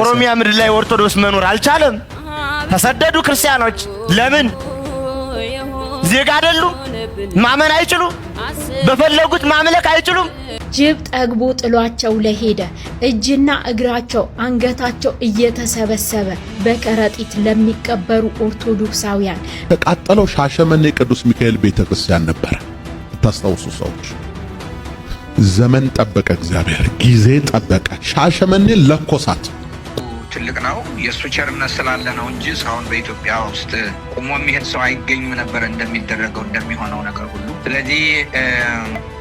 ኦሮሚያ ምድር ላይ ኦርቶዶክስ መኖር አልቻለም። ተሰደዱ ክርስቲያኖች። ለምን ዜጋ አይደሉም? ማመን አይችሉም። በፈለጉት ማምለክ አይችሉም። ጅብ ጠግቦ ጥሏቸው ለሄደ እጅና እግራቸው አንገታቸው እየተሰበሰበ በከረጢት ለሚቀበሩ ኦርቶዶክሳውያን ተቃጠለው። ሻሸመኔ ቅዱስ ሚካኤል ቤተክርስቲያን ነበር ነበረ። ታስታውሱ ሰዎች፣ ዘመን ጠበቀ፣ እግዚአብሔር ጊዜ ጠበቀ። ሻሸመኔ ለኮሳት። ትልቅ ነው። የእሱ ቸርነት ስላለ ነው እንጂ እስካሁን በኢትዮጵያ ውስጥ ቁሞ የሚሄድ ሰው አይገኝም ነበር እንደሚደረገው እንደሚሆነው ነገር ሁሉ። ስለዚህ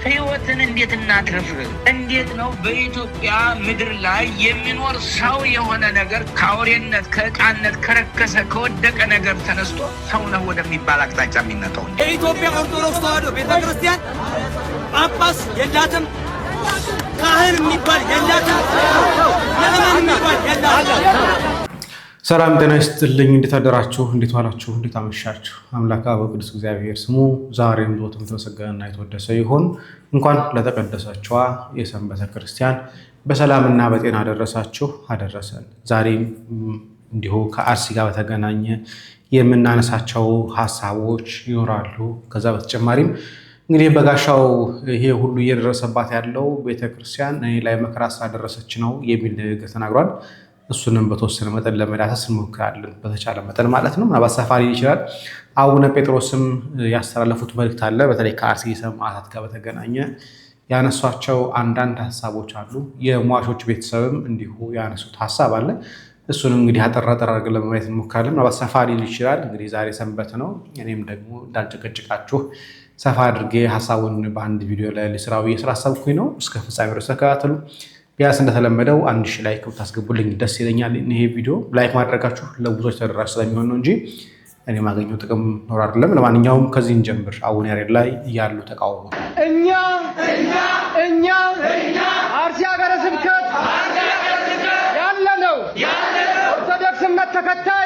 ህይወትን እንዴት እናትርፍ? እንዴት ነው በኢትዮጵያ ምድር ላይ የሚኖር ሰው የሆነ ነገር ከአውሬነት፣ ከእቃነት፣ ከረከሰ ከወደቀ ነገር ተነስቶ ሰው ነው ወደሚባል አቅጣጫ የሚነጠው? ኢትዮጵያ ኦርቶዶክስ ተዋሕዶ ቤተክርስቲያን ጳጳስ የላትም ካህን የሚባል ሰላም ጤና ይስጥልኝ። እንዴት አደራችሁ? እንዴት ዋላችሁ? እንዴት አመሻችሁ? አምላክ አበ ቅዱስ እግዚአብሔር ስሙ ዛሬም ዘወትም የተመሰገነና የተወደሰ ይሁን። እንኳን ለተቀደሰችዋ የሰንበተ ክርስቲያን በሰላምና በጤና አደረሳችሁ አደረሰን። ዛሬም እንዲሁ ከአርሲ ጋር በተገናኘ የምናነሳቸው ሀሳቦች ይኖራሉ። ከዛ በተጨማሪም እንግዲህ በጋሻው ይሄ ሁሉ እየደረሰባት ያለው ቤተክርስቲያን እኔ ላይ መከራ ስላደረሰች ነው የሚል ንግግር ተናግሯል። እሱንም በተወሰነ መጠን ለመዳሰስ እንሞክራለን፣ በተቻለ መጠን ማለት ነው። ምናልባት ሰፋ ሊል ይችላል። አቡነ ጴጥሮስም ያስተላለፉት መልእክት አለ። በተለይ ከአርሲ ሰማዕታት ጋር በተገናኘ ያነሷቸው አንዳንድ ሀሳቦች አሉ። የሟቾች ቤተሰብም እንዲሁ ያነሱት ሀሳብ አለ። እሱንም እንግዲህ አጠር አጠር አድርገን ለማየት እንሞክራለን። ምናልባት ሰፋሪ ሊል ይችላል። እንግዲህ ዛሬ ሰንበት ነው። እኔም ደግሞ እንዳልጨቀጭቃችሁ ሰፋ አድርጌ ሀሳቡን በአንድ ቪዲዮ ላይ ልስራዊ የስራ ነው። እስከ ፍጻሜ ድረስ ተከታተሉ። ቢያንስ እንደተለመደው አንድ ሺ ላይክ ብታስገቡልኝ ደስ ይለኛል። ይሄ ቪዲዮ ላይክ ማድረጋችሁ ለብዙዎች ተደራሽ ስለሚሆን ነው እንጂ እኔ ማገኘው ጥቅም ኖር አይደለም። ለማንኛውም ከዚህ እንጀምር። አቡነ ያሬድ ላይ ያሉ ተቃውሞ እኛ እኛ አርሲ ሀገረ ስብከት ያለነው ኦርቶዶክስ እምነት ተከታይ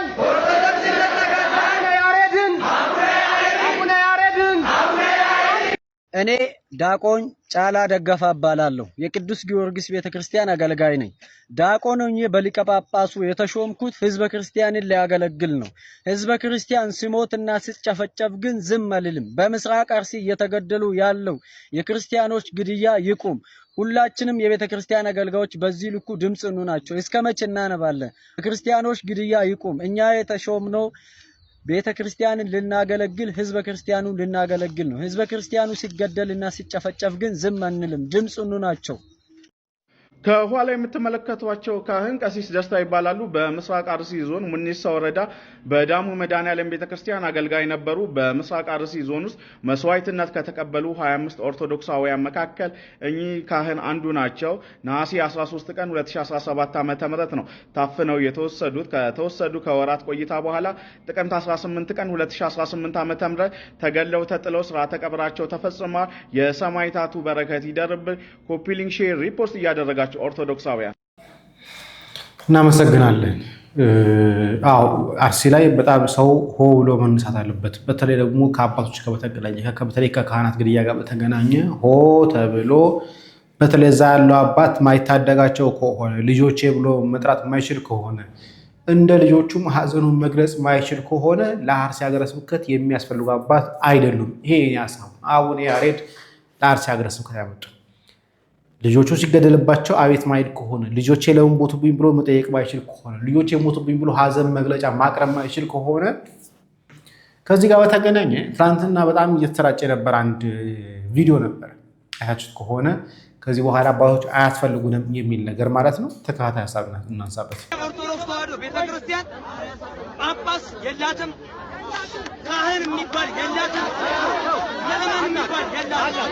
እኔ ዳቆን ጫላ ደገፋ እባላለሁ። የቅዱስ ጊዮርጊስ ቤተክርስቲያን አገልጋይ ነኝ። ዲያቆን ሆኜ በሊቀ ጳጳሱ የተሾምኩት ህዝበ ክርስቲያንን ሊያገለግል ነው። ህዝበ ክርስቲያን ስሞትና ስጨፈጨፍ ግን ዝም አልልም። በምስራቅ አርሲ እየተገደሉ ያለው የክርስቲያኖች ግድያ ይቁም። ሁላችንም የቤተ ክርስቲያን አገልጋዮች በዚህ ልኩ ድምፅ ኑ ናቸው። እስከ መቼ እናነባለን? የክርስቲያኖች ግድያ ይቁም። እኛ የተሾምነው ቤተ ክርስቲያንን ልናገለግል ህዝበ ክርስቲያኑ ልናገለግል ነው። ህዝበ ክርስቲያኑ ሲገደልና ሲጨፈጨፍ ግን ዝም አንልም፣ ድምፅ ናቸው። ከኋላ የምትመለከቷቸው ካህን ቀሲስ ደስታ ይባላሉ። በምስራቅ አርሲ ዞን ሙኒሳ ወረዳ በዳሙ መድኃኔዓለም ቤተክርስቲያን አገልጋይ ነበሩ። በምስራቅ አርሲ ዞን ውስጥ መስዋዕትነት ከተቀበሉ 25 ኦርቶዶክሳውያን መካከል እኚህ ካህን አንዱ ናቸው። ነሐሴ 13 ቀን 2017 ዓ ም ነው ታፍነው የተወሰዱት። ከተወሰዱ ከወራት ቆይታ በኋላ ጥቅምት 18 ቀን 2018 ዓ ም ተገለው ተጥለው ስርዓተ ቀብራቸው ተፈጽሟል። የሰማዕታቱ በረከት ይደርብን። ኮፒ ሼር፣ ሪፖርት እያደረጋቸው ያላችሁ ኦርቶዶክሳውያን እናመሰግናለን። አዎ አርሲ ላይ በጣም ሰው ሆ ብሎ መነሳት አለበት። በተለይ ደግሞ ከአባቶች ከበተገናኘ በተገናኘ በተለይ ከካህናት ግድያ ጋር በተገናኘ ሆ ተብሎ በተለይ እዛ ያለው አባት ማይታደጋቸው ከሆነ ልጆቼ ብሎ መጥራት ማይችል ከሆነ እንደ ልጆቹም ሀዘኑን መግለጽ ማይችል ከሆነ ለአርሲ ሀገረ ስብከት የሚያስፈልጉ አባት አይደሉም። ይሄ ሀሳብ አቡነ ያሬድ ለአርሲ ሀገረ ስብከት ያመጡ ልጆቹ ሲገደልባቸው አቤት ማይል ከሆነ ልጆቼ ለምን ሞቱብኝ ብሎ መጠየቅ ማይችል ከሆነ ልጆቼ ሞቱብኝ ብሎ ሀዘን መግለጫ ማቅረብ ማይችል ከሆነ ከዚህ ጋር በተገናኘ ትናንትና በጣም እየተሰራጨ ነበር አንድ ቪዲዮ ነበር። አያችሁት ከሆነ ከዚህ በኋላ አባቶች አያስፈልጉንም የሚል ነገር ማለት ነው። ተከታታይ ሀሳብ እናንሳበት። ኦርቶዶክስ ተዋሕዶ ቤተክርስቲያን ጳጳስ የላትም፣ ካህን የሚባል የላትም፣ ምዕመን የሚባል የላትም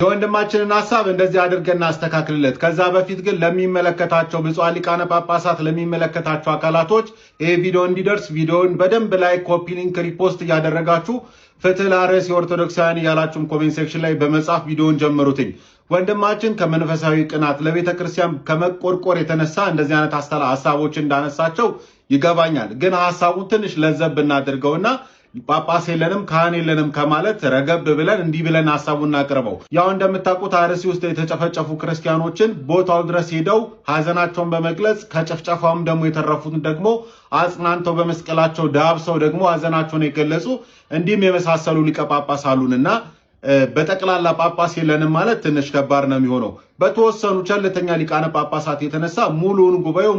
የወንድማችንን ሀሳብ እንደዚህ አድርገን እናስተካክልለት። ከዛ በፊት ግን ለሚመለከታቸው ብፁዓን ሊቃነ ጳጳሳት፣ ለሚመለከታቸው አካላቶች ይሄ ቪዲዮ እንዲደርስ ቪዲዮን በደንብ ላይ ኮፒ ሊንክ፣ ሪፖስት እያደረጋችሁ ፍትህ ለአርሲ ኦርቶዶክሳውያን እያላችሁም ኮሜንት ሴክሽን ላይ በመጻፍ ቪዲዮን ጀምሩትኝ። ወንድማችን ከመንፈሳዊ ቅናት ለቤተ ክርስቲያን ከመቆርቆር የተነሳ እንደዚህ አይነት ሀሳቦች እንዳነሳቸው ይገባኛል። ግን ሀሳቡን ትንሽ ለዘብ እናድርገውና ጳጳስ የለንም ካህን የለንም ከማለት ረገብ ብለን እንዲህ ብለን ሀሳቡን እናቅርበው። ያው እንደምታውቁት አርሲ ውስጥ የተጨፈጨፉ ክርስቲያኖችን ቦታው ድረስ ሄደው ሀዘናቸውን በመግለጽ ከጭፍጨፋውም ደግሞ የተረፉትን ደግሞ አጽናንተው በመስቀላቸው ዳብሰው ደግሞ ሀዘናቸውን የገለጹ እንዲህም የመሳሰሉ ሊቀ ጳጳስ አሉንና በጠቅላላ ጳጳስ የለንም ማለት ትንሽ ከባድ ነው የሚሆነው። በተወሰኑ ቸልተኛ ሊቃነ ጳጳሳት የተነሳ ሙሉውን ጉባኤው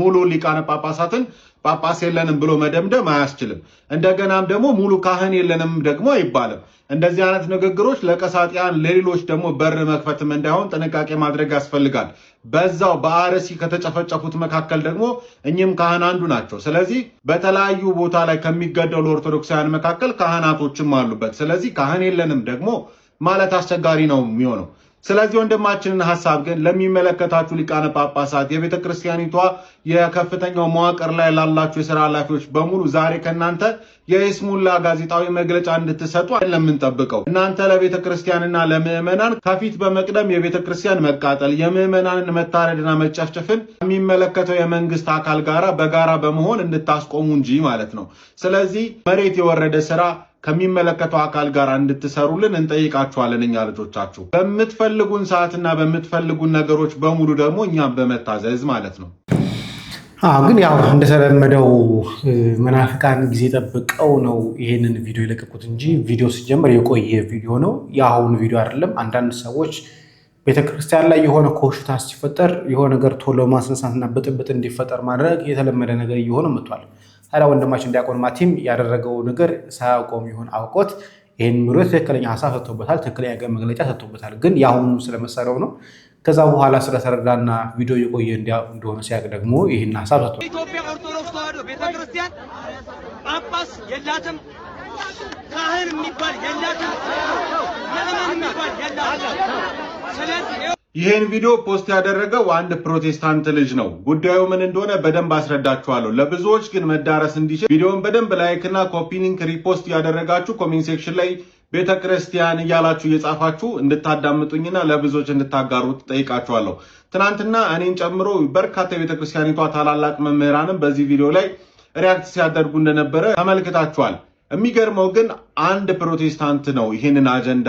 ሙሉ ሊቃነ ጳጳሳትን ጳጳስ የለንም ብሎ መደምደም አያስችልም። እንደገናም ደግሞ ሙሉ ካህን የለንም ደግሞ አይባልም። እንደዚህ አይነት ንግግሮች ለቀሳጢያን፣ ለሌሎች ደግሞ በር መክፈትም እንዳይሆን ጥንቃቄ ማድረግ ያስፈልጋል። በዛው በአርሲ ከተጨፈጨፉት መካከል ደግሞ እኚህም ካህን አንዱ ናቸው። ስለዚህ በተለያዩ ቦታ ላይ ከሚገደሉ ኦርቶዶክሳውያን መካከል ካህናቶችም አሉበት። ስለዚህ ካህን የለንም ደግሞ ማለት አስቸጋሪ ነው የሚሆነው። ስለዚህ ወንድማችንን ሀሳብ ግን ለሚመለከታችሁ ሊቃነ ጳጳሳት፣ የቤተ ክርስቲያኒቷ የከፍተኛው መዋቅር ላይ ላላችሁ የስራ ኃላፊዎች በሙሉ ዛሬ ከእናንተ የይስሙላ ጋዜጣዊ መግለጫ እንድትሰጡ ለምንጠብቀው እናንተ ለቤተ ክርስቲያንና ለምዕመናን ከፊት በመቅደም የቤተ ክርስቲያን መቃጠል፣ የምዕመናንን መታረድና መጨፍጨፍን ከሚመለከተው የመንግስት አካል ጋራ በጋራ በመሆን እንድታስቆሙ እንጂ ማለት ነው። ስለዚህ መሬት የወረደ ስራ ከሚመለከተው አካል ጋር እንድትሰሩልን እንጠይቃችኋለን። እኛ ልጆቻችሁ በምትፈልጉን ሰዓትና በምትፈልጉን ነገሮች በሙሉ ደግሞ እኛም በመታዘዝ ማለት ነው። ግን ያው እንደተለመደው መናፍቃን ጊዜ ጠብቀው ነው ይሄንን ቪዲዮ የለቀቁት እንጂ ቪዲዮ ሲጀምር የቆየ ቪዲዮ ነው፣ የአሁኑ ቪዲዮ አይደለም። አንዳንድ ሰዎች ቤተክርስቲያን ላይ የሆነ ኮሽታ ሲፈጠር የሆነ ነገር ቶሎ ማስነሳትና ብጥብጥ እንዲፈጠር ማድረግ የተለመደ ነገር እየሆነ መጥቷል። ታዲያ ወንድማችን ዲያቆን ማቲም ያደረገው ነገር ሳያውቀውም ይሁን አውቆት ይህን ምሮ ትክክለኛ ሀሳብ ሰጥቶበታል፣ ትክክለኛ ገ መግለጫ ሰጥቶበታል። ግን የአሁኑ ስለመሰለው ነው። ከዛ በኋላ ስለተረዳና ቪዲዮ የቆየ እንደሆነ ሲያቅ ደግሞ ይህን ሀሳብ ሰጥቶ ኢትዮጵያ ኦርቶዶክስ ተዋሕዶ ቤተክርስቲያን ጳጳስ የላትም፣ ካህን የሚባል የላትም፣ ምዕመን የሚባል የላትም። ስለዚህ ይህን ቪዲዮ ፖስት ያደረገው አንድ ፕሮቴስታንት ልጅ ነው። ጉዳዩ ምን እንደሆነ በደንብ አስረዳችኋለሁ። ለብዙዎች ግን መዳረስ እንዲችል ቪዲዮውን በደንብ ላይክ እና ሊንክ ሪፖስት ያደረጋችሁ ኮሜንት ሴክሽን ላይ ቤተ ክርስቲያን እያላችሁ እየጻፋችሁ እንድታዳምጡኝና ለብዙዎች እንድታጋሩ ጠይቃችኋለሁ። ትናንትና እኔን ጨምሮ በርካታ የቤተ ክርስቲያኒቷ ታላላቅ መምህራንም በዚህ ቪዲዮ ላይ ሪያክት ሲያደርጉ እንደነበረ ተመልክታችኋል። የሚገርመው ግን አንድ ፕሮቴስታንት ነው ይህንን አጀንዳ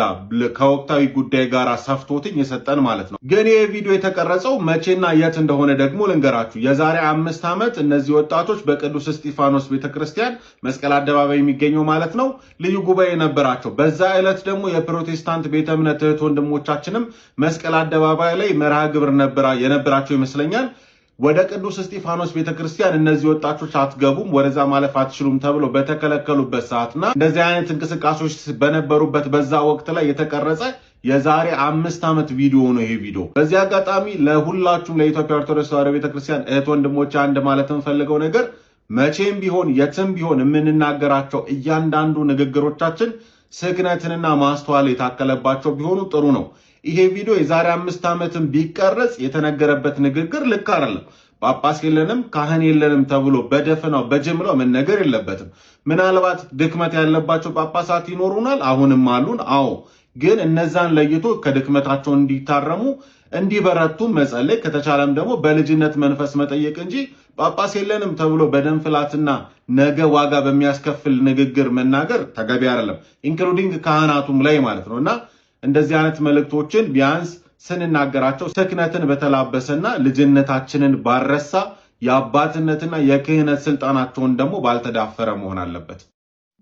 ከወቅታዊ ጉዳይ ጋር ሰፍቶትኝ የሰጠን ማለት ነው። ግን ይህ ቪዲዮ የተቀረጸው መቼና የት እንደሆነ ደግሞ ልንገራችሁ። የዛሬ አምስት ዓመት እነዚህ ወጣቶች በቅዱስ እስጢፋኖስ ቤተክርስቲያን መስቀል አደባባይ የሚገኘው ማለት ነው ልዩ ጉባኤ ነበራቸው። በዛ ዕለት ደግሞ የፕሮቴስታንት ቤተ እምነት እህት ወንድሞቻችንም መስቀል አደባባይ ላይ መርሃ ግብር የነበራቸው ይመስለኛል። ወደ ቅዱስ እስጢፋኖስ ቤተክርስቲያን እነዚህ ወጣቶች አትገቡም፣ ወደዛ ማለፍ አትችሉም ተብሎ በተከለከሉበት ሰዓትና እንደዚህ አይነት እንቅስቃሴዎች በነበሩበት በዛ ወቅት ላይ የተቀረጸ የዛሬ አምስት ዓመት ቪዲዮ ነው ይሄ ቪዲዮ። በዚህ አጋጣሚ ለሁላችሁም ለኢትዮጵያ ኦርቶዶክስ ተዋሕዶ ቤተክርስቲያን እህት ወንድሞች አንድ ማለት የምፈልገው ነገር መቼም ቢሆን የትም ቢሆን የምንናገራቸው እያንዳንዱ ንግግሮቻችን ስክነትንና ማስተዋል የታከለባቸው ቢሆኑ ጥሩ ነው። ይሄ ቪዲዮ የዛሬ አምስት ዓመትም ቢቀረጽ የተነገረበት ንግግር ልክ አይደለም። ጳጳስ የለንም ካህን የለንም ተብሎ በደፈናው በጅምላው መነገር የለበትም። ምናልባት ድክመት ያለባቸው ጳጳሳት ይኖሩናል፣ አሁንም አሉን። አዎ ግን እነዛን ለይቶ ከድክመታቸው እንዲታረሙ እንዲበረቱ መጸለይ ከተቻለም ደግሞ በልጅነት መንፈስ መጠየቅ እንጂ ጳጳስ የለንም ተብሎ በደም ፍላትና ነገ ዋጋ በሚያስከፍል ንግግር መናገር ተገቢ አይደለም። ኢንክሉዲንግ ካህናቱም ላይ ማለት ነው እና እንደዚህ አይነት መልእክቶችን ቢያንስ ስንናገራቸው ስክነትን በተላበሰና ልጅነታችንን ባረሳ የአባትነትና የክህነት ስልጣናቸውን ደግሞ ባልተዳፈረ መሆን አለበት።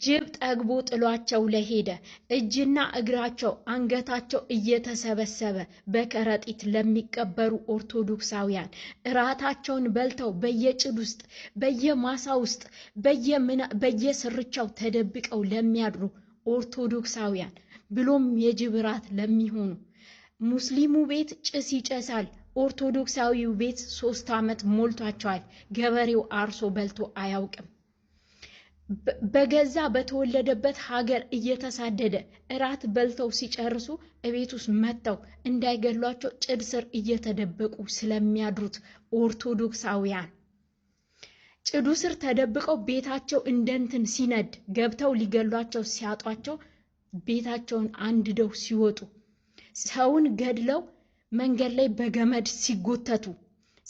ጅብ ጠግቦ ጥሏቸው ለሄደ እጅና እግራቸው አንገታቸው እየተሰበሰበ በከረጢት ለሚቀበሩ ኦርቶዶክሳውያን እራታቸውን በልተው በየጭድ ውስጥ በየማሳ ውስጥ በየስርቻው ተደብቀው ለሚያድሩ ኦርቶዶክሳውያን ብሎም የጅብ ለሚሆኑ ሙስሊሙ ቤት ጭስ ይጨሳል። ኦርቶዶክሳዊው ቤት ሶስት ዓመት ሞልቷቸዋል። ገበሬው አርሶ በልቶ አያውቅም። በገዛ በተወለደበት ሀገር እየተሳደደ እራት በልተው ሲጨርሱ እቤት ውስጥ መጥተው እንዳይገሏቸው ጭድ ስር እየተደበቁ ስለሚያድሩት ኦርቶዶክሳውያን ጭዱ ስር ተደብቀው ቤታቸው እንደንትን ሲነድ ገብተው ሊገሏቸው ሲያጧቸው ቤታቸውን አንድደው ሲወጡ፣ ሰውን ገድለው መንገድ ላይ በገመድ ሲጎተቱ፣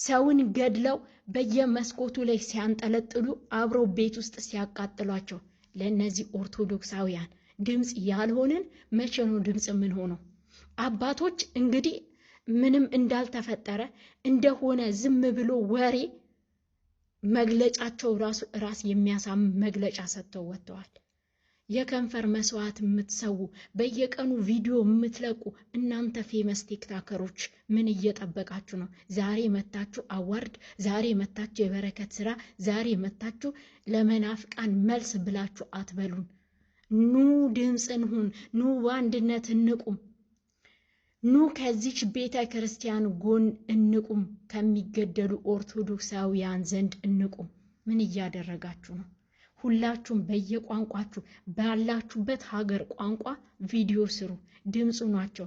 ሰውን ገድለው በየመስኮቱ ላይ ሲያንጠለጥሉ፣ አብረው ቤት ውስጥ ሲያቃጥሏቸው፣ ለእነዚህ ኦርቶዶክሳውያን ድምፅ ያልሆንን መቼ ነው ድምፅ ምን ሆነው? አባቶች እንግዲህ ምንም እንዳልተፈጠረ እንደሆነ ዝም ብሎ ወሬ መግለጫቸው ራሱ ራስ የሚያሳም መግለጫ ሰጥተው ወጥተዋል። የከንፈር መስዋዕት የምትሰዉ በየቀኑ ቪዲዮ የምትለቁ እናንተ ፌመስ ቲክታከሮች ምን እየጠበቃችሁ ነው? ዛሬ መታችሁ አዋርድ፣ ዛሬ መታችሁ የበረከት ስራ፣ ዛሬ መታችሁ ለመናፍቃን መልስ ብላችሁ አትበሉን። ኑ ድምፅ እንሁን፣ ኑ በአንድነት እንቁም፣ ኑ ከዚች ቤተ ክርስቲያን ጎን እንቁም፣ ከሚገደሉ ኦርቶዶክሳውያን ዘንድ እንቁም። ምን እያደረጋችሁ ነው? ሁላችሁም በየቋንቋችሁ ባላችሁበት ሀገር ቋንቋ ቪዲዮ ስሩ፣ ድምፁ ናቸው።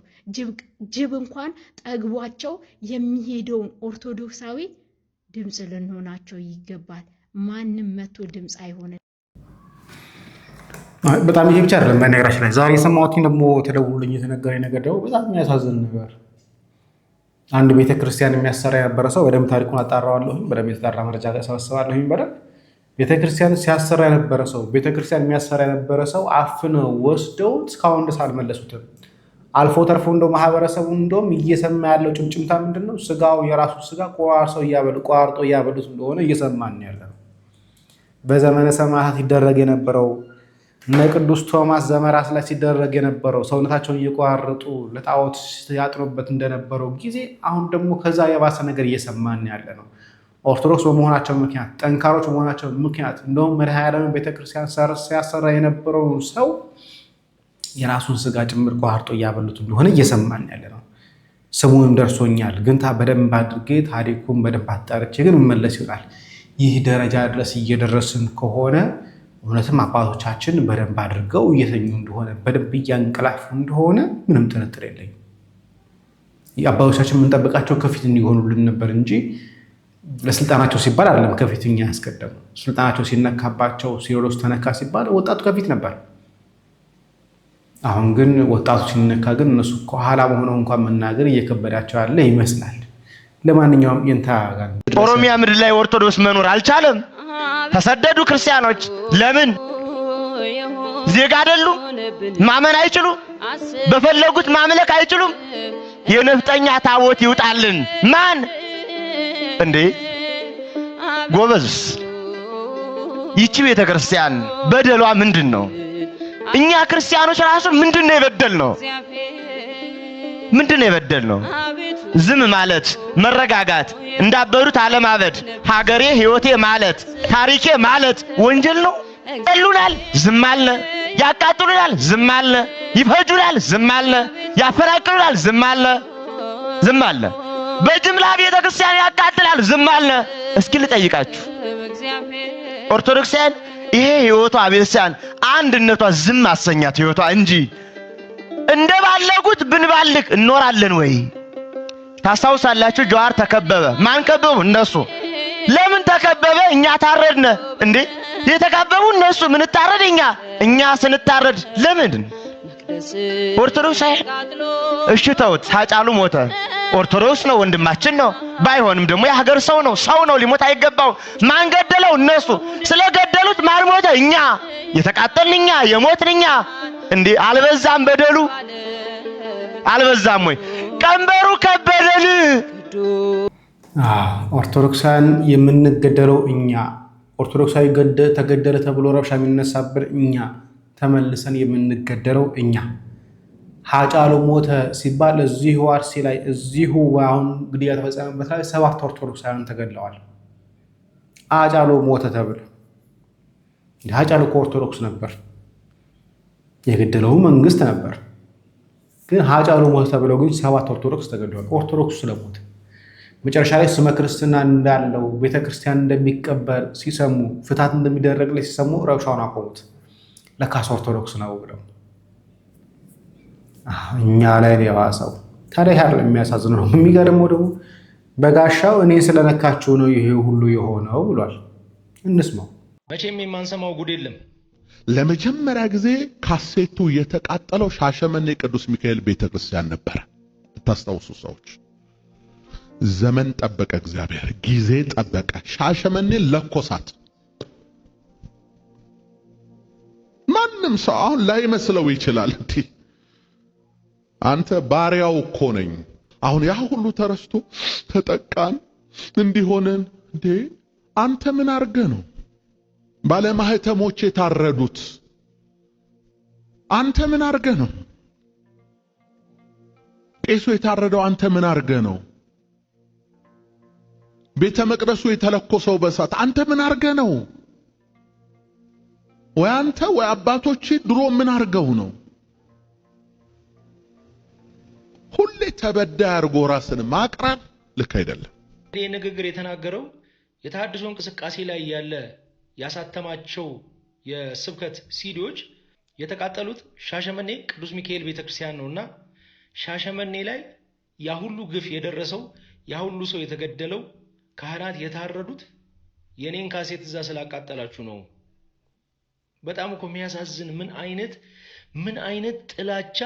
ጅብ እንኳን ጠግቧቸው የሚሄደውን ኦርቶዶክሳዊ ድምፅ ልንሆናቸው ይገባል። ማንም መቶ ድምፅ አይሆነ በጣም ይሄ ብቻ አይደለም። በነገራችን ላይ ዛሬ የሰማሁት ደግሞ ተደውሎልኝ የተነገረ ነገር ደግሞ በጣም የሚያሳዝን ነገር አንድ ቤተክርስቲያን የሚያሰራ የነበረ ሰው በደንብ ታሪኩን አጣራዋለሁኝ። በደንብ የተጣራ መረጃ ሰበስባለሁኝ በደንብ ቤተክርስቲያን ሲያሰራ የነበረ ሰው ቤተክርስቲያን የሚያሰራ የነበረ ሰው አፍነው ወስደው እስካሁን ድረስ አልመለሱትም። አልፎ ተርፎ እንደው ማህበረሰቡ እንደውም እየሰማ ያለው ጭምጭምታ ምንድን ነው? ስጋው የራሱ ስጋ ቆራርሰው እያበሉ ቆራርጦ እያበሉት እንደሆነ እየሰማን ያለ ነው። በዘመነ ሰማዕታት ሲደረግ የነበረው እነ ቅዱስ ቶማስ ዘመራስ ላይ ሲደረግ የነበረው ሰውነታቸውን እየቆራረጡ ለጣዖት ያጥኑበት እንደነበረው ጊዜ አሁን ደግሞ ከዛ የባሰ ነገር እየሰማን ያለ ነው። ኦርቶዶክስ በመሆናቸው ምክንያት ጠንካሮች በመሆናቸው ምክንያት እንደውም መድኃኔዓለም ቤተክርስቲያን ሲያሰራ የነበረውን ሰው የራሱን ስጋ ጭምር ቆራርጦ እያበሉት እንደሆነ እየሰማን ያለ ነው። ስሙንም ደርሶኛል፣ ግን በደንብ አድርጌ ታሪኩን በደንብ አጣርቼ ግን መለስ ይሆናል። ይህ ደረጃ ድረስ እየደረስን ከሆነ እውነትም አባቶቻችን በደንብ አድርገው እየተኙ እንደሆነ በደንብ እያንቀላፉ እንደሆነ ምንም ጥርጥር የለኝም። አባቶቻችን የምንጠብቃቸው ከፊት እንዲሆኑልን ነበር እንጂ ለስልጣናቸው ሲባል አይደለም ከፊትኛ ያስቀደሙ ስልጣናቸው ሲነካባቸው ሲኖዶስ ተነካ ሲባል ወጣቱ ከፊት ነበር። አሁን ግን ወጣቱ ሲነካ ግን እነሱ ከኋላ በሆነው እንኳን መናገር እየከበዳቸው ያለ ይመስላል። ለማንኛውም ይንታ ኦሮሚያ ምድር ላይ ኦርቶዶክስ መኖር አልቻለም። ተሰደዱ ክርስቲያኖች። ለምን ዜጋ አይደሉም? ማመን አይችሉም። በፈለጉት ማምለክ አይችሉም። የነፍጠኛ ታቦት ይውጣልን ማን እንዴ ጎበዝ፣ ይቺ ቤተ ክርስቲያን በደሏ ምንድን ነው? እኛ ክርስቲያኖች ራሱ ምንድን ነው የበደል ነው? ምንድን ነው የበደል ነው? ዝም ማለት፣ መረጋጋት፣ እንዳበዱት አለማበድ፣ ሀገሬ ሕይወቴ ማለት፣ ታሪኬ ማለት ወንጀል ነው። ጠሉናል፣ ዝም አለ። ያቃጥሉናል፣ ዝም አለ። ይፈጁናል፣ ዝም አለ። ያፈናቅሉናል፣ ዝም አለ። ዝም አለ። በጅምላ ቤተ ክርስቲያን ያቃጥላል። ዝም አልነ። እስኪ ልጠይቃችሁ ኦርቶዶክሳውያን፣ ይሄ ህይወቷ ቤተክርስቲያን አንድነቷ ዝም አሰኛት ህይወቷ እንጂ እንደ ባለጉት ብንባልግ እኖራለን ወይ? ታስታውሳላችሁ፣ ጀዋር ተከበበ። ማን ከበቡ? እነሱ። ለምን ተከበበ? እኛ ታረድነ እንዴ? የተከበቡ እነሱ፣ ምንታረድ እኛ። እኛ ስንታረድ ለምን ኦርቶዶክስ እሺ ተውት። ሳጫሉ ሞተ። ኦርቶዶክስ ነው፣ ወንድማችን ነው። ባይሆንም ደግሞ የሀገር ሰው ነው፣ ሰው ነው፣ ሊሞት አይገባው። ማን ገደለው? እነሱ ስለገደሉት ማን ሞተ? እኛ የተቃጠልን እኛ የሞትን እኛ። እንዴ አልበዛም? በደሉ አልበዛም ወይ? ቀንበሩ ከበደን። ኦርቶዶክሳን የምንገደለው እኛ ኦርቶዶክሳዊ ተገደለ ተብሎ ረብሻ የሚነሳብን እኛ ተመልሰን የምንገደለው እኛ። ሀጫሉ ሞተ ሲባል እዚሁ አርሲ ላይ እዚሁ አሁን ግድያ ተፈጸመበት ላይ ሰባት ኦርቶዶክሳውያን ተገድለዋል። አጫሉ ሞተ ተብሎ ሀጫሉ ኦርቶዶክስ ነበር፣ የገደለው መንግስት ነበር። ግን ሀጫሉ ሞተ ተብለው ግን ሰባት ኦርቶዶክስ ተገድለዋል። ኦርቶዶክስ ስለሞተ መጨረሻ ላይ ስመ ክርስትና እንዳለው ቤተክርስቲያን እንደሚቀበር ሲሰሙ ፍታት እንደሚደረግ ላይ ሲሰሙ ረብሻውን አቆሙት። ለካስ ኦርቶዶክስ ነው ብለው እኛ ላይ የባሰው ታዲያ ያለ የሚያሳዝነው ነው። የሚገርመው ደግሞ በጋሻው እኔ ስለነካችሁ ነው ይሄ ሁሉ የሆነው ብሏል። እንስማው። መቼም የማንሰማው ጉድ የለም። ለመጀመሪያ ጊዜ ካሴቱ የተቃጠለው ሻሸመኔ ቅዱስ ሚካኤል ቤተክርስቲያን ነበረ። ታስታውሱ ሰዎች፣ ዘመን ጠበቀ፣ እግዚአብሔር ጊዜ ጠበቀ። ሻሸመኔን ለኮሳት ማንም ሰው አሁን ላይመስለው ይችላል። እንዴ አንተ ባሪያው እኮ ነኝ። አሁን ያ ሁሉ ተረስቶ ተጠቃን እንዲሆነን እንዴ አንተ ምን አርገ ነው ባለማህተሞች የታረዱት? አንተ ምን አርገ ነው ቄሱ የታረደው? አንተ ምን አርገ ነው ቤተ መቅደሱ የተለኮሰው በሳት? አንተ ምን አርገ ነው ወይ አንተ ወይ አባቶች ድሮ ምን አርገው ነው? ሁሌ ተበዳይ አድርጎ ራስን ማቅረብ ልክ አይደለም። ይህ ንግግር የተናገረው የተሃድሶ እንቅስቃሴ ላይ ያለ ያሳተማቸው የስብከት ሲዲዎች የተቃጠሉት ሻሸመኔ ቅዱስ ሚካኤል ቤተክርስቲያን ነውና ሻሸመኔ ላይ ያሁሉ ግፍ የደረሰው ያሁሉ ሰው የተገደለው ካህናት የታረዱት የኔን ካሴት እዛ ስላቃጠላችሁ ነው በጣም እኮ የሚያሳዝን ምን አይነት ምን አይነት ጥላቻ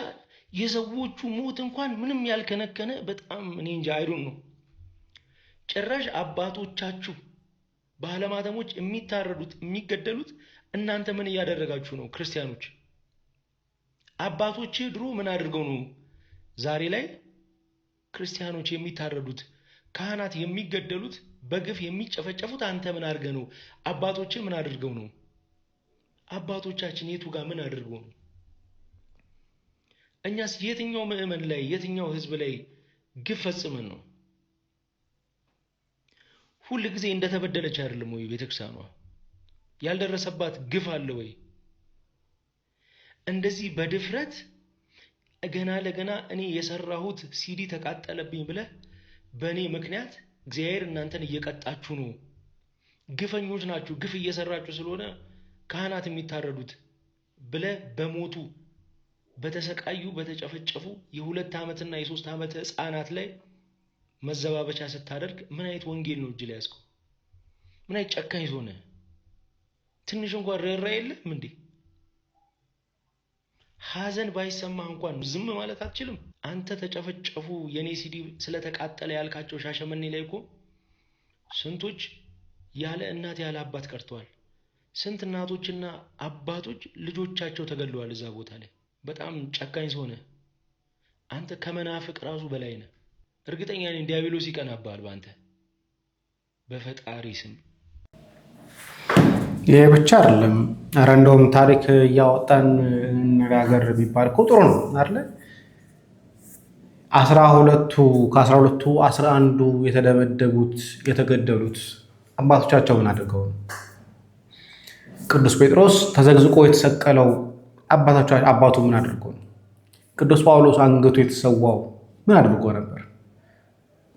የሰዎቹ ሞት እንኳን ምንም ያልከነከነ በጣም እኔ እንጂ አይዱን ነው። ጭራሽ አባቶቻችሁ ባለማተሞች የሚታረዱት የሚገደሉት እናንተ ምን እያደረጋችሁ ነው? ክርስቲያኖች አባቶች ድሮ ምን አድርገው ነው ዛሬ ላይ ክርስቲያኖች የሚታረዱት ካህናት የሚገደሉት በግፍ የሚጨፈጨፉት አንተ ምን አድርገ ነው? አባቶቼ ምን አድርገው ነው? አባቶቻችን የቱ ጋር ምን አድርጎ ነው? እኛስ የትኛው ምእመን ላይ የትኛው ህዝብ ላይ ግፍ ፈጽመን ነው? ሁል ጊዜ እንደተበደለች አይደለም ወይ ቤተክርስቲያኗ? ያልደረሰባት ግፍ አለ ወይ? እንደዚህ በድፍረት ገና ለገና እኔ የሰራሁት ሲዲ ተቃጠለብኝ ብለ በእኔ ምክንያት እግዚአብሔር እናንተን እየቀጣችሁ ነው፣ ግፈኞች ናችሁ፣ ግፍ እየሰራችሁ ስለሆነ ካህናት የሚታረዱት ብለ በሞቱ በተሰቃዩ በተጨፈጨፉ የሁለት ዓመትና የሶስት ዓመት ህፃናት ላይ መዘባበቻ ስታደርግ ምን አይነት ወንጌል ነው እጅ ላይ ያዝከው? ምን አይነት ጨካኝ ሰው ትንሽ እንኳን ርኅራ የለም እንዴ? ሀዘን ባይሰማህ እንኳን ዝም ማለት አትችልም? አንተ ተጨፈጨፉ የኔ ሲዲ ስለተቃጠለ ያልካቸው ሻሸመኔ ላይ እኮ ስንቶች ያለ እናት ያለ አባት ቀርተዋል። ስንት እናቶችና አባቶች ልጆቻቸው ተገለዋል እዛ ቦታ ላይ። በጣም ጨካኝ ሆነ አንተ። ከመናፍቅ ራሱ በላይ ነህ። እርግጠኛ ነኝ ዲያብሎስ ይቀናባል በአንተ በፈጣሪ ስም። ይሄ ብቻ አይደለም። ኧረ እንደውም ታሪክ እያወጣን እንነጋገር ቢባል እኮ ጥሩ ነው አለ አስራ ሁለቱ ከአስራ ሁለቱ አስራ አንዱ የተደበደቡት የተገደሉት አባቶቻቸው ምን አድርገው ነው? ቅዱስ ጴጥሮስ ተዘግዝቆ የተሰቀለው አባታቸው አባቱ ምን አድርጎ ነው? ቅዱስ ጳውሎስ አንገቱ የተሰዋው ምን አድርጎ ነበር?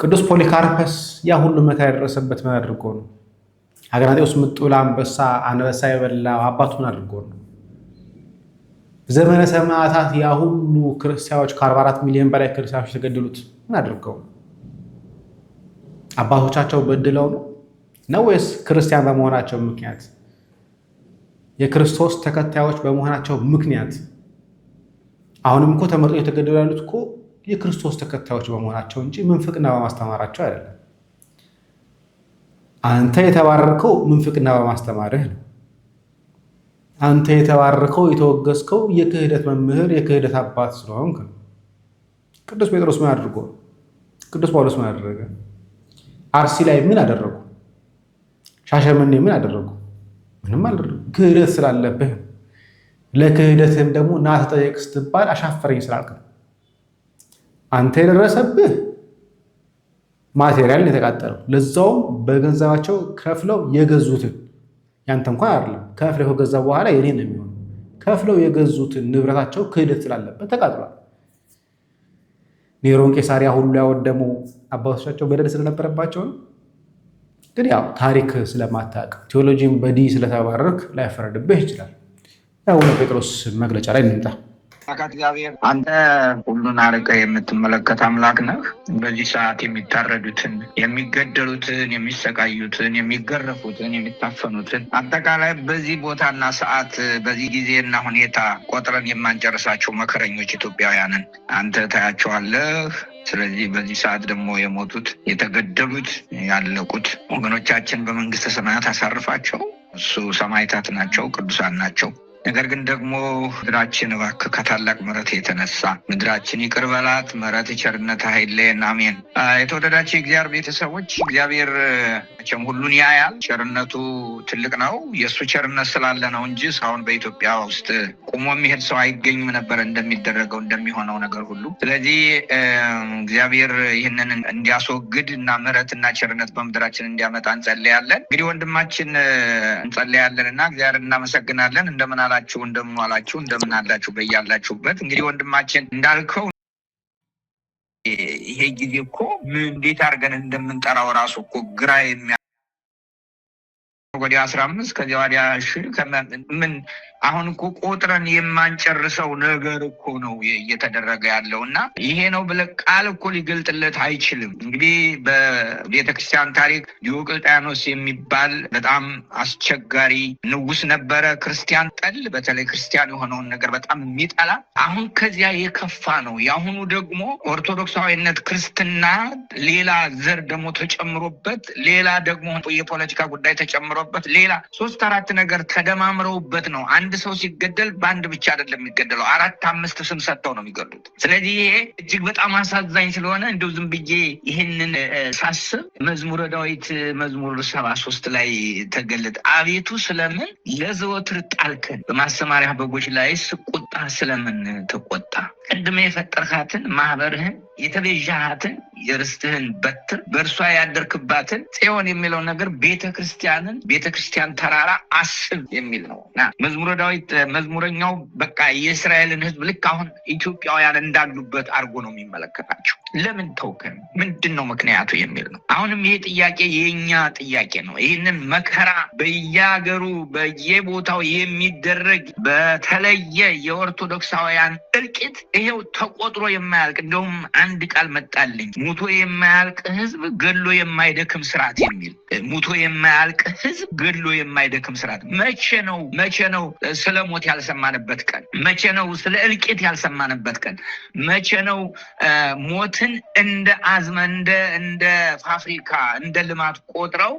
ቅዱስ ፖሊካርፐስ ያ ሁሉ መከራ የደረሰበት ምን አድርጎ ነው? አግናጤዎስ ምጡላ አንበሳ አንበሳ የበላው አባቱ ምን አድርጎ ነው? ዘመነ ሰማዕታት ያ ሁሉ ክርስቲያኖች ከ44 ሚሊዮን በላይ ክርስቲያኖች የተገደሉት ምን አድርገው ነው? አባቶቻቸው በድለው ነው ነው ወይስ ክርስቲያን በመሆናቸው ምክንያት የክርስቶስ ተከታዮች በመሆናቸው ምክንያት አሁንም እኮ ተመርጦ የተገደሉ ያሉት እኮ የክርስቶስ ተከታዮች በመሆናቸው እንጂ ምንፍቅና በማስተማራቸው አይደለም። አንተ የተባረከው ምንፍቅና በማስተማርህ ነው። አንተ የተባረከው የተወገዝከው የክህደት መምህር የክህደት አባት ስለሆንክ ነው። ቅዱስ ጴጥሮስ ምን አድርጎ? ቅዱስ ጳውሎስ ምን አደረገ? አርሲ ላይ ምን አደረጉ? ሻሸመኔ ምን አደረጉ? ምንም አልደረጉ። ክህደት ስላለብህ ለክህደትህም ደግሞ ና ተጠየቅ ስትባል አሻፈረኝ ስላልክ ነው። አንተ የደረሰብህ ማቴሪያልን የተቃጠለው ለዛውም በገንዘባቸው ከፍለው የገዙትን ያንተ እንኳን አይደለም ከፍለው ከገዛ በኋላ የኔ ነው የሚሆነው። ከፍለው የገዙትን ንብረታቸው ክህደት ስላለበት ተቃጥሏል። ኔሮን ቄሳሪያ ሁሉ ያወደሙ አባቶቻቸው በደል ስለነበረባቸው ነው። ግን ያው ታሪክ ስለማታውቅ ቴዎሎጂን በዲ ስለተባረክ ላይፈረድብህ ይችላል። ያው ጴጥሮስ መግለጫ ላይ እንምጣ። አምላካት እግዚአብሔር አንተ ሁሉን አርቀ የምትመለከት አምላክ ነህ። በዚህ ሰዓት የሚታረዱትን፣ የሚገደሉትን፣ የሚሰቃዩትን፣ የሚገረፉትን፣ የሚታፈኑትን አጠቃላይ በዚህ ቦታና ሰዓት በዚህ ጊዜና ሁኔታ ቆጥረን የማንጨርሳቸው መከረኞች ኢትዮጵያውያንን አንተ ታያቸዋለህ። ስለዚህ በዚህ ሰዓት ደግሞ የሞቱት፣ የተገደሉት፣ ያለቁት ወገኖቻችን በመንግስተ ሰማያት አሳርፋቸው። እሱ ሰማይታት ናቸው፣ ቅዱሳን ናቸው። ነገር ግን ደግሞ ምድራችን እባክህ ከታላቅ ምረት የተነሳ ምድራችን ይቅር በላት። ምሕረት ቸርነት ኃይሌን አሜን። የተወደዳቸው የእግዚአብሔር ቤተሰቦች እግዚአብሔር መቼም ሁሉን ያያል። ቸርነቱ ትልቅ ነው። የእሱ ቸርነት ስላለ ነው እንጂ እስካሁን በኢትዮጵያ ውስጥ ቁሞ የሚሄድ ሰው አይገኝም ነበረ እንደሚደረገው እንደሚሆነው ነገር ሁሉ። ስለዚህ እግዚአብሔር ይህንን እንዲያስወግድ እና ምሕረት እና ቸርነት በምድራችን እንዲያመጣ እንጸለያለን። እንግዲህ ወንድማችን እንጸለያለን እና እግዚአብሔር እናመሰግናለን። እንደምን አላችሁ? እንደምን ዋላችሁ? እንደምን አላችሁ? በያላችሁበት እንግዲህ ወንድማችን እንዳልከው ይሄ ጊዜ እኮ እንዴት አድርገን እንደምንጠራው ራሱ እኮ ግራ የሚያ ወዲያ አስራ አምስት ከዚያ ወዲያ ምን አሁን እኮ ቆጥረን የማንጨርሰው ነገር እኮ ነው እየተደረገ ያለው እና ይሄ ነው ብለህ ቃል እኮ ሊገልጥለት አይችልም። እንግዲህ በቤተክርስቲያን ታሪክ ዲዮቅልጥያኖስ የሚባል በጣም አስቸጋሪ ንጉስ ነበረ። ክርስቲያን ጠል፣ በተለይ ክርስቲያን የሆነውን ነገር በጣም የሚጠላ አሁን ከዚያ የከፋ ነው። የአሁኑ ደግሞ ኦርቶዶክሳዊነት፣ ክርስትና ሌላ ዘር ደግሞ ተጨምሮበት፣ ሌላ ደግሞ የፖለቲካ ጉዳይ ተጨምሮበት፣ ሌላ ሶስት አራት ነገር ተደማምረውበት ነው አንድ አንድ ሰው ሲገደል በአንድ ብቻ አይደለም የሚገደለው፣ አራት አምስት ስም ሰጥተው ነው የሚገሉት። ስለዚህ ይሄ እጅግ በጣም አሳዛኝ ስለሆነ እንደው ዝም ብዬ ይህንን ሳስብ መዝሙረ ዳዊት መዝሙር ሰባ ሶስት ላይ ተገለጠ። አቤቱ ስለምን ለዘወትር ጣልከን፣ በማሰማሪያ በጎች ላይ ቁጣ ስለምን ተቆጣ? ቅድመ የፈጠርካትን ማህበርህን የተቤዣሃትን የርስትህን በትር በእርሷ ያደርክባትን ጽዮን የሚለው ነገር ቤተ ክርስቲያንን ቤተ ክርስቲያን ተራራ አስብ የሚል ነው እና መዝሙረ ዳዊት መዝሙረኛው በቃ የእስራኤልን ህዝብ ልክ አሁን ኢትዮጵያውያን እንዳሉበት አድርጎ ነው የሚመለከታቸው። ለምን ተውከን? ምንድን ነው ምክንያቱ የሚል ነው። አሁንም ይህ ጥያቄ የኛ ጥያቄ ነው። ይህንን መከራ በየሀገሩ በየቦታው የሚደረግ በተለየ የኦርቶዶክሳውያን እልቂት ይሄው ተቆጥሮ የማያልቅ እንደውም አንድ ቃል መጣልኝ፣ ሙቶ የማያልቅ ህዝብ ገሎ የማይደክም ስርዓት የሚል ሙቶ የማያልቅ ህዝብ ገሎ የማይደክም ስርዓት። መቼ ነው መቼ ነው ስለ ሞት ያልሰማንበት ቀን? መቼ ነው ስለ እልቂት ያልሰማንበት ቀን? መቼ ነው ሞት ራስን እንደ አዝመ እንደ ፋብሪካ እንደ ልማት ቆጥረው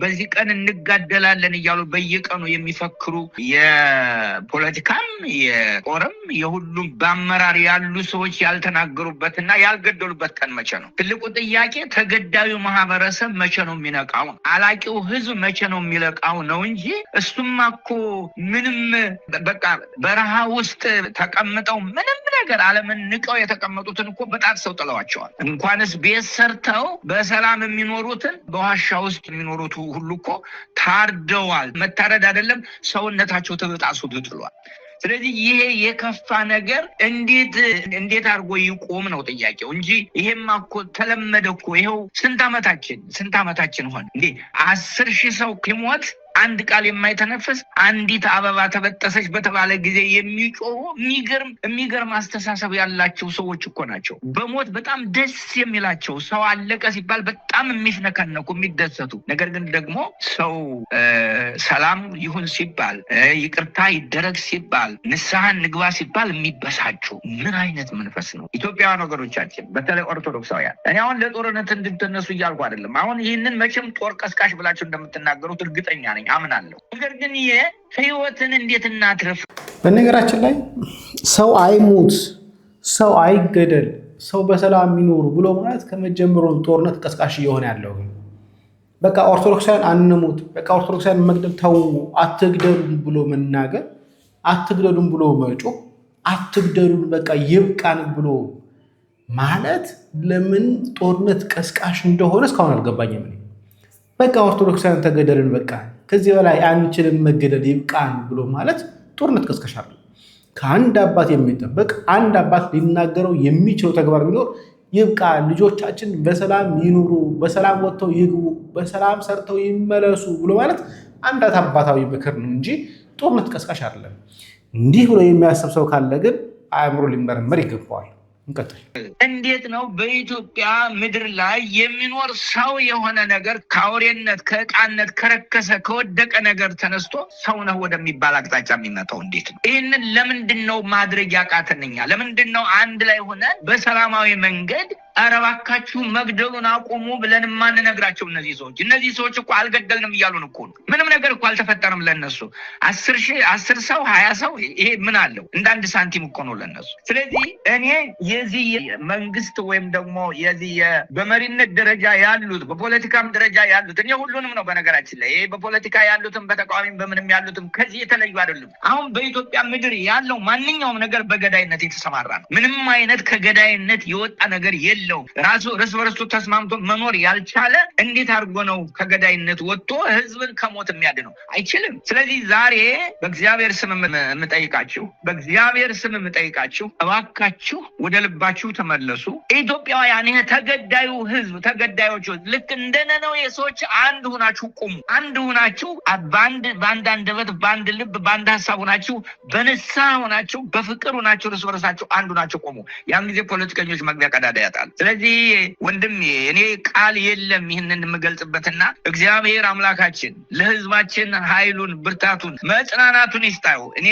በዚህ ቀን እንጋደላለን እያሉ በየቀኑ የሚፈክሩ የፖለቲካም የጦርም የሁሉም በአመራር ያሉ ሰዎች ያልተናገሩበትና ያልገደሉበት ቀን መቼ ነው? ትልቁ ጥያቄ ተገዳዩ ማህበረሰብ መቼ ነው የሚነቃው? አላቂው ህዝብ መቼ ነው የሚለቃው ነው እንጂ እሱማ እኮ ምንም በቃ በረሃ ውስጥ ተቀምጠው ምንም ነገር አለምን ንቀው የተቀመጡትን እኮ በጣት ሰው ጥለዋቸዋል። እንኳንስ ቤት ሰርተው በሰላም የሚኖሩትን በዋሻ ውስጥ የሚኖሩት ሁሉ እኮ ታርደዋል። መታረድ አይደለም ሰውነታቸው ተበጣሱ ጥሏል። ስለዚህ ይሄ የከፋ ነገር እንዴት እንዴት አድርጎ ይቆም ነው ጥያቄው እንጂ ይሄማ እኮ ተለመደ እኮ ይኸው ስንት ዓመታችን ስንት ዓመታችን ሆነ እንዴ አስር ሺህ ሰው ሲሞት አንድ ቃል የማይተነፍስ አንዲት አበባ ተበጠሰች በተባለ ጊዜ የሚጮሆ የሚገርም የሚገርም አስተሳሰብ ያላቸው ሰዎች እኮ ናቸው። በሞት በጣም ደስ የሚላቸው ሰው አለቀ ሲባል በጣም የሚሽነከነኩ የሚደሰቱ፣ ነገር ግን ደግሞ ሰው ሰላም ይሁን ሲባል ይቅርታ ይደረግ ሲባል ንስሐን ንግባ ሲባል የሚበሳጩ ምን አይነት መንፈስ ነው? ኢትዮጵያውያን ወገኖቻችን፣ በተለይ ኦርቶዶክሳውያን፣ እኔ አሁን ለጦርነት እንድትነሱ እያልኩ አይደለም። አሁን ይህንን መቼም ጦር ቀስቃሽ ብላችሁ እንደምትናገሩት እርግጠኛ ነኝ። አምናለሁ። ነገር ግን ህይወትን እንዴት እናትረፍ? በነገራችን ላይ ሰው አይሙት፣ ሰው አይገደል፣ ሰው በሰላም የሚኖሩ ብሎ ማለት ከመጀመሩ ጦርነት ቀስቃሽ እየሆነ ያለው በቃ ኦርቶዶክሳውያን አንሙት፣ በቃ ኦርቶዶክሳውያን መግደል ተው፣ አትግደሉን ብሎ መናገር፣ አትግደሉን ብሎ መጮህ፣ አትግደሉን በቃ ይብቃን ብሎ ማለት ለምን ጦርነት ቀስቃሽ እንደሆነ እስካሁን አልገባኝም። በቃ ኦርቶዶክሳውያን ተገደልን በቃ ከዚህ በላይ አንችልም መገደል ይብቃን ብሎ ማለት ጦርነት ቀስቀሻ ከአንድ አባት የሚጠበቅ አንድ አባት ሊናገረው የሚችለው ተግባር ቢኖር ይብቃን፣ ልጆቻችን በሰላም ይኑሩ፣ በሰላም ወጥተው ይግቡ፣ በሰላም ሰርተው ይመለሱ ብሎ ማለት አንዳት አባታዊ ምክር ነው እንጂ ጦርነት ቀስቃሽ አይደለም። እንዲህ ብሎ የሚያስብ ሰው ካለ ግን አእምሮ ሊመረመር ይገባዋል። እንዴት ነው በኢትዮጵያ ምድር ላይ የሚኖር ሰው የሆነ ነገር ከአውሬነት፣ ከእቃነት፣ ከረከሰ ከወደቀ ነገር ተነስቶ ሰው ነህ ወደሚባል አቅጣጫ የሚመጣው? እንዴት ነው ይህንን ለምንድን ነው ማድረግ ያቃተንኛ? ለምንድን ነው አንድ ላይ ሆነ በሰላማዊ መንገድ ኧረ እባካችሁ መግደሉን አቁሙ ብለን ማንነግራቸው? እነዚህ ሰዎች እነዚህ ሰዎች እኮ አልገደልንም እያሉን እኮ ነው። ምንም ነገር እኮ አልተፈጠርም ለነሱ። አስር ሺህ አስር ሰው ሀያ ሰው ይሄ ምን አለው? እንደ አንድ ሳንቲም እኮ ነው ለነሱ። ስለዚህ እኔ የዚህ መንግስት ወይም ደግሞ የዚህ በመሪነት ደረጃ ያሉት በፖለቲካም ደረጃ ያሉት እኔ ሁሉንም ነው በነገራችን ላይ ይሄ በፖለቲካ ያሉትም በተቃዋሚም በምንም ያሉትም ከዚህ የተለዩ አይደሉም። አሁን በኢትዮጵያ ምድር ያለው ማንኛውም ነገር በገዳይነት የተሰማራ ነው። ምንም አይነት ከገዳይነት የወጣ ነገር የለውም። ራሱ እርስ በርሱ ተስማምቶ መኖር ያልቻለ እንዴት አድርጎ ነው ከገዳይነት ወጥቶ ህዝብን ከሞት የሚያድነው? አይችልም። ስለዚህ ዛሬ በእግዚአብሔር ስም የምጠይቃችሁ በእግዚአብሔር ስም የምጠይቃችሁ እባካችሁ ወደ ልባችሁ ተመለሱ። ኢትዮጵያውያን የተገዳዩ ህዝብ ተገዳዮች ልክ ነው የሰዎች አንድ ሁናችሁ ቁሙ። አንድ ሁናችሁ በአንድ በአንድ አንደበት በአንድ ልብ በአንድ ሀሳብ ሁናችሁ በንሳ ሁናችሁ በፍቅር ሁናችሁ እርስ በርሳችሁ አንድ ሁናችሁ ቁሙ። ያን ጊዜ ፖለቲከኞች መግቢያ ቀዳዳ ያጣል። ስለዚህ ወንድም እኔ ቃል የለም ይህንን የምገልጽበትና እግዚአብሔር አምላካችን ለህዝባችን ኃይሉን ብርታቱን መጽናናቱን ይስጣዩ። እኔ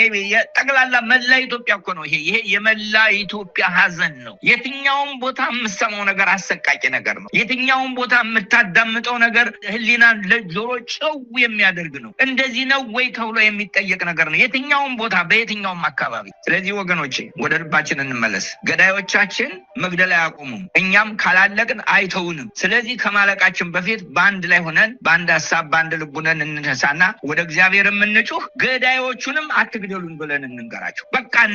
ጠቅላላ መላ ኢትዮጵያ እኮ ነው ይሄ ይሄ የመላ ኢትዮጵያ ሀዘ ሀዘን ነው። የትኛውም ቦታ የምሰማው ነገር አሰቃቂ ነገር ነው። የትኛውም ቦታ የምታዳምጠው ነገር ህሊና ለጆሮ ጨው የሚያደርግ ነው። እንደዚህ ነው ወይ ተብሎ የሚጠየቅ ነገር ነው። የትኛውም ቦታ በየትኛውም አካባቢ። ስለዚህ ወገኖቼ ወደ ልባችን እንመለስ። ገዳዮቻችን መግደል አያቆሙም። እኛም ካላለቅን አይተውንም። ስለዚህ ከማለቃችን በፊት በአንድ ላይ ሆነን በአንድ ሀሳብ በአንድ ልቡነን እንነሳና ወደ እግዚአብሔር የምንጩህ ገዳዮቹንም አትግደሉን ብለን እንንገራቸው። በቃን።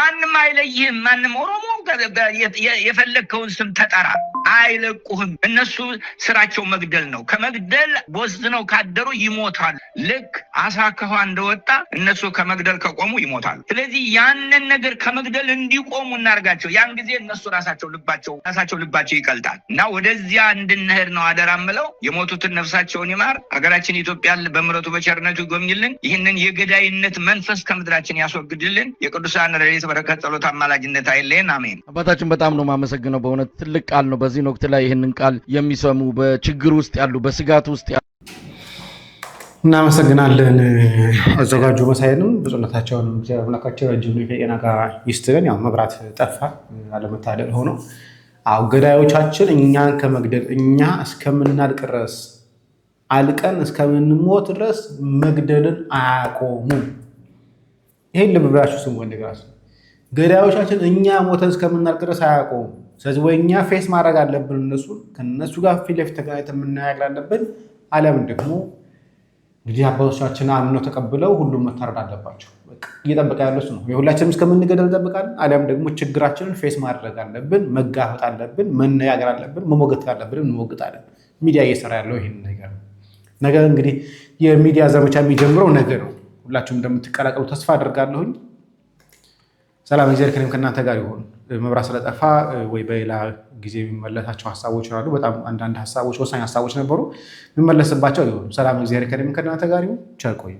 ማንም አይለይህም። ማንም ኦሮሞ የፈለግከውን ስም ተጠራ። አይለቁህም። እነሱ ስራቸው መግደል ነው። ከመግደል ወዝነው ካደሩ ይሞታል። ልክ አሳ ከውሃ እንደወጣ እነሱ ከመግደል ከቆሙ ይሞታል። ስለዚህ ያንን ነገር ከመግደል እንዲቆሙ እናርጋቸው። ያን ጊዜ እነሱ ራሳቸው ልባቸው ራሳቸው ልባቸው ይቀልጣል እና ወደዚያ እንድንሄድ ነው አደራ ምለው። የሞቱትን ነፍሳቸውን ይማር። ሀገራችን ኢትዮጵያን በምረቱ በቸርነቱ ይጎብኝልን። ይህንን የገዳይነት መንፈስ ከምድራችን ያስወግድልን። የቅዱሳን ረድኤት በረከት፣ ጸሎት፣ አማላጅነት አይለየን። አሜን። አባታችን በጣም ነው የማመሰግነው። በእውነት ትልቅ ቃል ነው በዚህ በዚህን ወቅት ላይ ይህንን ቃል የሚሰሙ በችግር ውስጥ ያሉ በስጋት ውስጥ ያሉ እናመሰግናለን። አዘጋጁ መሳይንም ብፁዕነታቸውን አምላካቸው ረጅም የጤና ጋር ይስጥልን። ያው መብራት ጠፋ አለመታደል ሆኖ አው ገዳዮቻችን እኛን ከመግደል እኛ እስከምናልቅ ድረስ አልቀን እስከምንሞት ድረስ መግደልን አያቆሙም። ይህን ልብ ብላችሁ ስሙ። ገዳዮቻችን እኛ ሞተን እስከምናልቅ ድረስ አያቆሙም። ስለዚህ ወይ እኛ ፌስ ማድረግ አለብን እነሱ ከነሱ ጋር ፊት ለፊት ተገናኝተን የምናያግ አለብን። አለምን ደግሞ እንግዲህ አባቶቻችን አምነው ተቀብለው ሁሉም መታረድ አለባቸው። እየጠበቀ ያለው እሱ ነው። የሁላችንም እስከምንገደል እንጠብቃለን። አሊያም ደግሞ ችግራችንን ፌስ ማድረግ አለብን፣ መጋፈጥ አለብን፣ መነጋገር አለብን፣ መሞገት አለብን፣ እንሞግጣለን። ሚዲያ እየሰራ ያለው ይህን ነገር ነው። ነገ እንግዲህ የሚዲያ ዘመቻ የሚጀምረው ነገ ነው። ሁላችሁም እንደምትቀላቀሉ ተስፋ አድርጋለሁኝ። ሰላም፣ እግዚአብሔር ከእናንተ ጋር ይሆኑ። መብራት ስለጠፋ ወይ በሌላ ጊዜ የሚመለሳቸው ሀሳቦች ይሆናሉ። በጣም አንዳንድ ሀሳቦች ወሳኝ ሀሳቦች ነበሩ። የምመለስባቸው ሰላም እግዚአብሔር ከደሚከድና ከእናንተ ጋር ቸር ቆዩ።